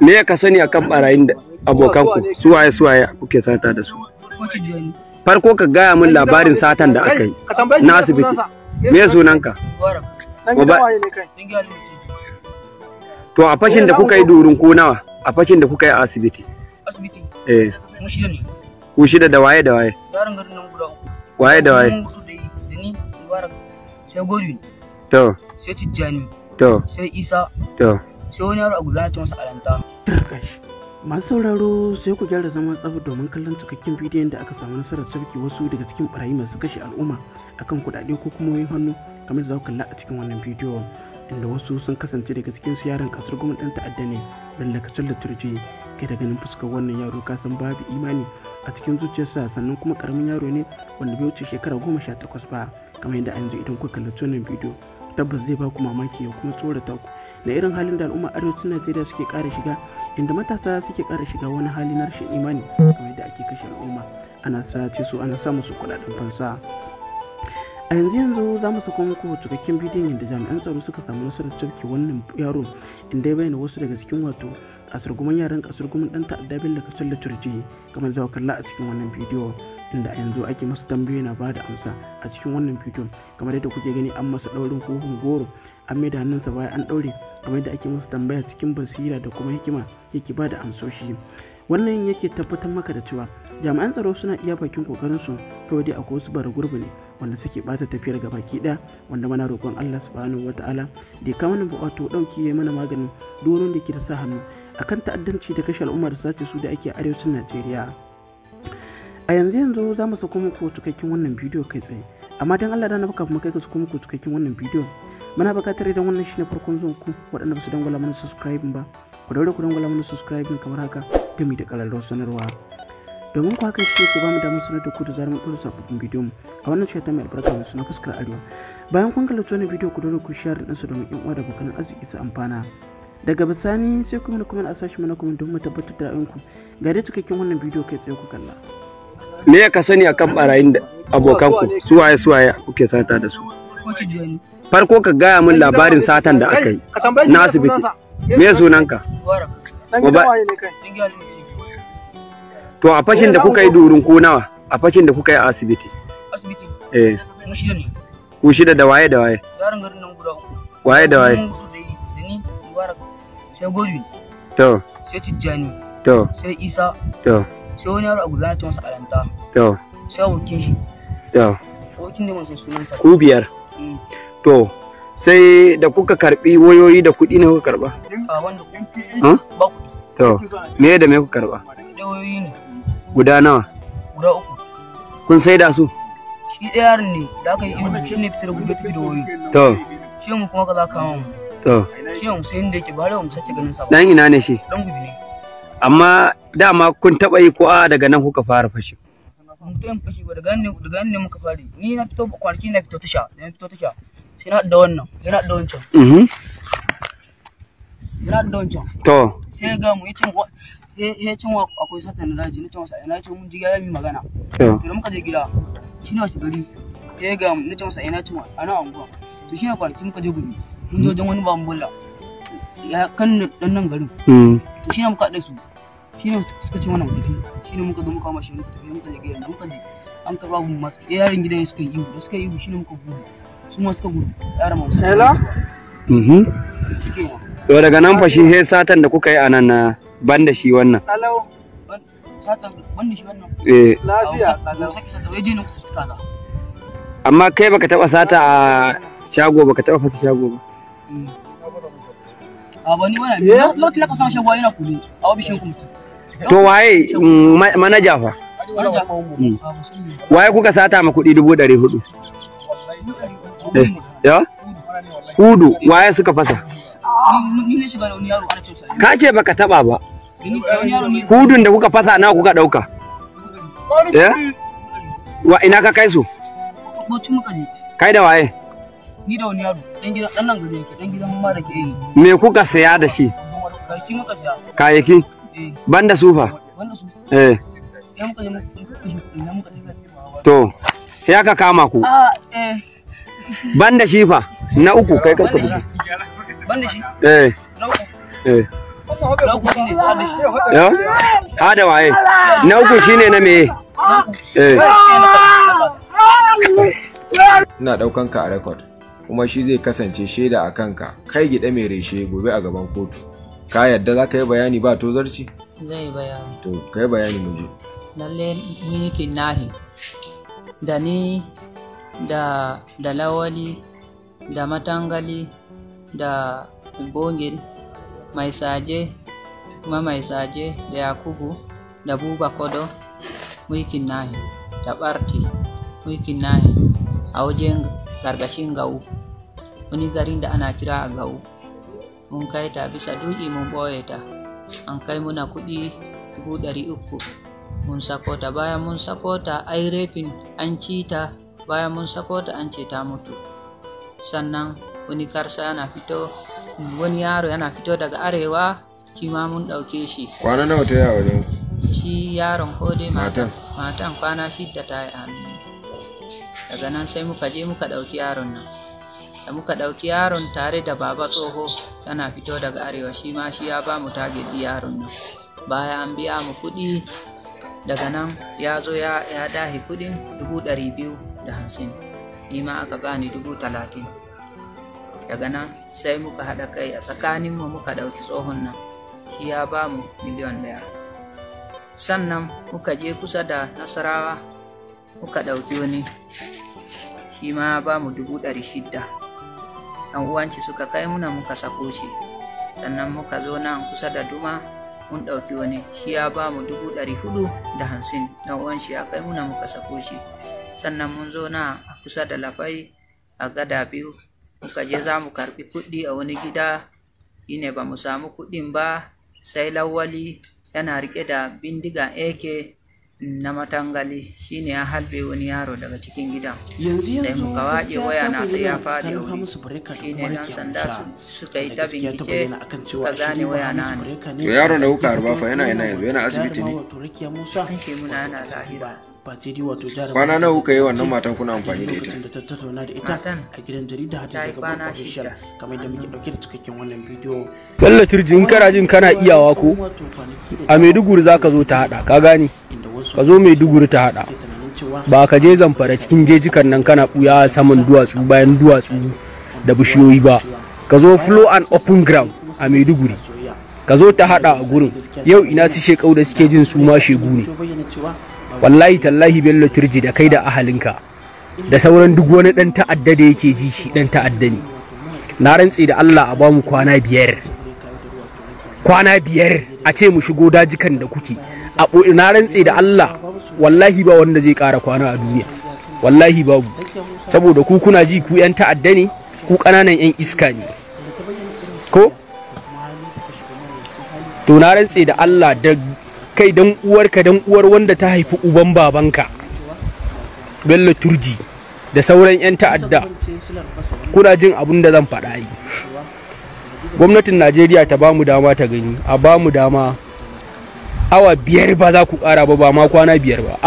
me ya ka sani akan barayin da waye suwaye suwaye kuke sata da su farko ka gaya min labarin satan da aka yi na asibiti me sunanka to a fashin da kuka yi durin ko nawa a fashin da kuka yi a asibiti eh ku shida da waye da waye waye da waye to sai tijjani to sai isa to sai wani yaro a masu sauraro sai ku gyara zaman tsafi domin kallon cikakken bidiyon da aka samu nasarar sarki wasu daga cikin barayi masu kashe al'umma akan kuɗaɗe ko kuma wani hannu kamar za ku kalla a cikin wannan bidiyo inda wasu sun kasance daga cikin su yaran kasar gwamnan ɗan ta'adda ne lallakacin da turji kai da ganin fuskar wannan yaro kasan babu imani a cikin zuciyarsa sannan kuma karamin yaro ne wanda bai wuce shekara goma sha takwas ba kamar yadda an ji idan kuka kalli wannan bidiyo tabbas zai ba ku mamaki ya kuma tsorata ku na irin halin da al'umma arewacin najeriya suke kara shiga inda matasa suke kara shiga wani hali na rashin imani kamar da ake kashe al'umma ana sace su ana sa musu kuɗaɗen fansa a yanzu yanzu za mu sako muku cikakken bidiyon yadda jami'an tsaro suka samu nasarar cirki wannan yaro inda ya bayyana wasu daga cikin wato kasurguman yaran kasurguman dan ta'adda da kasar liturji kamar zawa kalla a cikin wannan bidiyo inda a yanzu ake masa tambayoyi na bada amsa a cikin wannan bidiyo kamar yadda kuke gani an masa daurin kofin goro an mai da hannunsa baya an ɗaure kamar da ake musu tambaya cikin basira da kuma hikima yake ba da amsoshi wannan yake tabbatar maka da cewa jami'an tsaro suna iya bakin kokarin su kawai dai akwai wasu bara gurbi ne wanda suke bata tafiyar ga baki daya wanda mana roƙon Allah subhanahu wataala da ya mana buƙatu ɗauki ya mana maganin duk da ke da sa hannu akan ta'addanci da kashe al'ummar sace su da ake arewacin Najeriya a yanzu yanzu za mu sako muku cikakken wannan bidiyo kai tsaye amma don Allah da na baka kuma kai ka sako muku cikakken wannan bidiyo muna buƙatar idan wannan shine farkon zuwan ku waɗanda ba su dangwala mana subscribe ba ku daure ku dangwala mana subscribe kamar haka gami da ƙararrawar sanarwa domin ku haka shi ke ba mu damar sanar da ku da zarar mun ɗora sabbin bidiyo a wannan shata mai albarka mai suna fuskar arewa bayan kun kalli wannan bidiyo ku dole ku share ɗinsa domin ƴan uwa da abokan arziki su amfana daga bisani sai kuma da kuma a sashi mana kuma don mu tabbatar da ra'ayinku ga dai cikakken wannan bidiyo kai tsaye ku kalla me ya ka sani akan barayin da abokanku suwaye suwaye kuke sata da su farko ka gaya min labarin satan da aka yi na asibiti me sunanka to a fashin da kuka yi durin ko nawa a fashin da kuka yi a asibiti eh ku shida da waye da waye waye da waye sai gobi to sai tijjani to sai isa to sai wani yaro a gudanar ta masa alanta to sai abokin shi to abokin ne mun sai sunansa ku biyar to sai da kuka karbi wayoyi da kuɗi ne kuka karba to me da me kuka karba guda nawa guda uku kun sai da su shi ɗayar ne da aka yi shi ne fitar guda tafi da wayoyi to shi mu kuma ka za ka mu to shi mu sai inda yake bare da mu sake ganin sa dan ina ne shi dan gudu ne amma dama kun taba yi ko a daga nan kuka fara fashin mutum fashi ba daga nan daga nan ne muka fare ni na fito kwarki na fito tasha na fito tasha sai na da wannan sai na da wancan mhm na da wancan to sai ga mu ya ce wa akwai sata na daji na ce ina ce mun ya mi magana to da muka je gida shi ne shi gari sai ga mu na ina ce anguwa to shi ne kwarki muka je gudu mun je wajen wani bambulla ya kan nan garin mm. to shi ne muka haɗa su shi suka ce mana mu tafi shi ne muka zo muka mashi muka tafi muka je gidan muka je an karba mu ma yaran gidan suka yi da suka yi shi ne muka gudu su ma suka gudu yara ma su hela mhm to daga nan fa shi he satan da kuka yi anan na banda shi wannan alau satan banda shi wannan eh lafiya alau saki sata waje ne kusa tsaka amma kai baka taba sata a shago baka taba fasa shago ba hmm. a wani wani eh? lokacin da ka samu shago yana kudu a wabishin kuma to waye mm, manaja fa mm. ah, waye kuka sata ma kuɗi dubu ɗari hudu eh, ya hudu waye suka fasa ah, ka ce baka taba ba hudun da kuka fasa nawa kuka ɗauka wa ina ka kai su kai da waye wani yaro dan gidan dan nan gari yake dan gidan da ke yi me kuka saya da shi kayayyaki banda sufa eh to sai aka kama ku ah, eh. banda shifa na uku kai ka bugu banda shi eh eh Ha da waye? Na uku shine na meye? Eh. Ina ɗaukan ka a rekod, kuma shi zai kasance shaida a kanka, kai gida mai reshe gobe a gaban kotu. ka yadda za ka yi bayani ba to zarci zai bayani to ka yi bayani mu je lalle ni yake nahi da ni da da lawali da matangali da bongil mai saje kuma mai saje da yakubu da buba kodo wikin nahi da barti wikin nahi a wajen gargashin gawu wani garin da ana kira a gawu mun kai ta bisa du'i mun ɓoye ta an kai muna kuɗi dubu ɗari uku mun sako ta bayan mun sako ta ai refin an ci ta bayan mun sako ta an ce ta mutu sannan wani karsa yana fito wani yaro yana fito daga arewa shi ma mun ɗauke shi kwana nawa ta yawa ne? shi yaron ko dai matan matan kwana shidda ta yi hannu daga nan sai muka je muka ɗauki yaron nan da muka ɗauki yaron tare da baba tsoho tana fito daga arewa shi ma shi ya ba mu tagedi yaron nan baya an biya mu kuɗi daga nan ya zo ya, dahi kuɗin dubu ɗari biyu da hamsin ni ma aka bani dubu talatin daga nan sai muka haɗa kai a tsakanin mu muka ɗauki tsohon nan shi ya ba mu miliyon ɗaya sannan muka je kusa da nasarawa muka ɗauki wani shi ma ba mu dubu ɗari shidda ɗan uwanci suka kai muna muka sako shi sannan muka zo nan kusa da duma mun ɗauki wani shi ya ba mu dubu ɗari hudu da hamsin ɗan uwan shi ya kai muna muka sako shi sannan mun zo na a kusa da lafai a gada biyu muka je za mu karɓi kuɗi a wani gida ne ba mu samu kuɗin ba sai lawali yana rike da bindiga ake. na matangali shine ya harbe wani yaro daga cikin gidan da muka waje waya na sai ya fadi wuri shine nan sanda suka yi ta bincike ka gane waya na ne to yaro da kuka harba fa yana yana yanzu yana asibiti ne an ce muna yana lahira kwana na kuka yi wannan matan kuna amfani da ita matan a gidan jarida hada daga babban official kamar yadda muke dauke da cikakken wannan bidiyo Bello jin in kana jin kana iyawa ko a Maiduguri zaka zo ta hada ka gani ka zo mai duguri ta hada ba ka je zamfara cikin jejikan nan kana buya saman duwatsu bayan duwatsu da bishiyoyi ba ka zo flow and open ground a maiduguri ka zo ta hada a gurin yau ina su shekau da suke jin su ma shegu ne wallahi tallahi bello turji da kai da ahalinka da sauran duk wani dan ta'adda da yake ji shi dan ta'adda ne na rantse da Allah a bamu kwana biyar kwana biyar a ce mu shigo dajikan da kuke a na rantse da Allah wallahi ba wanda zai ƙara kwana a duniya wallahi babu saboda ku kuna ji ku 'yan ta'adda ne ku ƙananan 'yan iska ne ko to na rantse da Allah da kai dan uwarka dan uwar wanda ta haifi uban babanka bello turji da sauran 'yan ta'adda kuna jin abin da zan faɗa yi gwamnatin najeriya ta bamu dama ta gani a bamu dama awa biyar ba za ku ƙara ba ba ma kwana biyar ba